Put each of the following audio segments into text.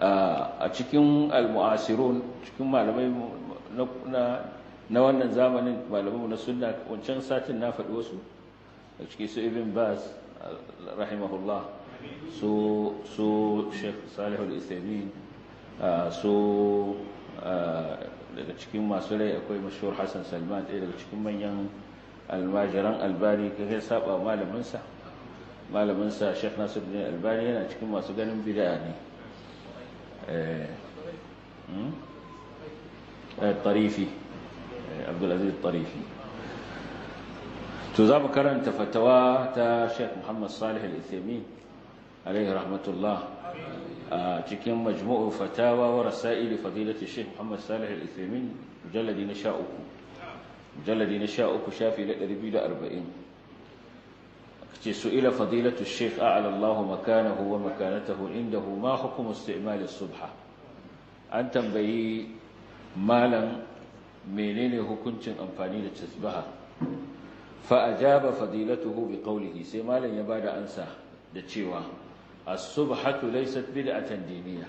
a cikin al almu'asirun cikin malamai na wannan zamanin malamai na sunna wancan satin na faɗi wasu a cikin su ibn bas rahimahullah su su sheikh salihul isamin su daga cikin masu rai akwai mashhur Hassan Salman ɗaya daga cikin manyan almajiran albani ka kai saba malaminsa malaminsa Sheikh Nasir bin Albani yana cikin masu ganin bid'a ne آه، آه، الطريفي آه، عبد العزيز الطريفي تذكر انت تا شيخ محمد صالح الاثيمين عليه رحمة الله تكن مجموع فتاوى ورسائل فضيلة الشيخ محمد صالح الإثيمين مجلد نشاؤكم مجلد نشاؤكم شافي لأربيد 40 ce ila fadilatu sheikh a'ala Allahu makanahu wa makanatahu indahu ma hukumu isti'mal as-subha an tambayi malam menene hukuncin amfani da tasbaha fa ajaba fadilatuhu bi qawlihi sai malam ya bada ansa da cewa as-subhatu laysat bid'atan diniyya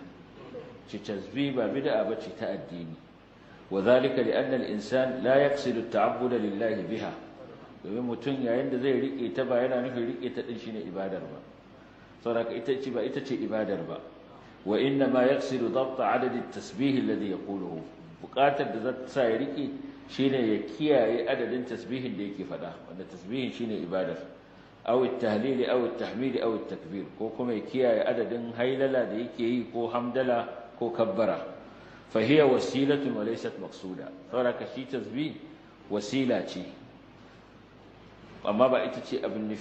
ci tasbih ba bid'a bace ta addini wa zalika li al-insan la yaqsidu at-ta'abbuda lillahi biha domin mutum yayin da zai rike ta ba yana nufin rike ta ɗin shine ibadar ba saboda ita ce ba ita ce ibadar ba wa inna ma yaksiru dabta adadin tasbihi tasbih alladhi yaquluhu buƙatar da za ta ya rike shine ya kiyaye adadin tasbihin da yake faɗa wanda tasbihin shine ibadar aw at-tahlil aw at-tahmid aw at-takbir ko kuma ya kiyaye adadin hailala da yake yi ko hamdala ko kabbara fa hiya wasilatu wa laysat maqsuda saboda shi tasbih wasila ce amma ba ita ce abin nufi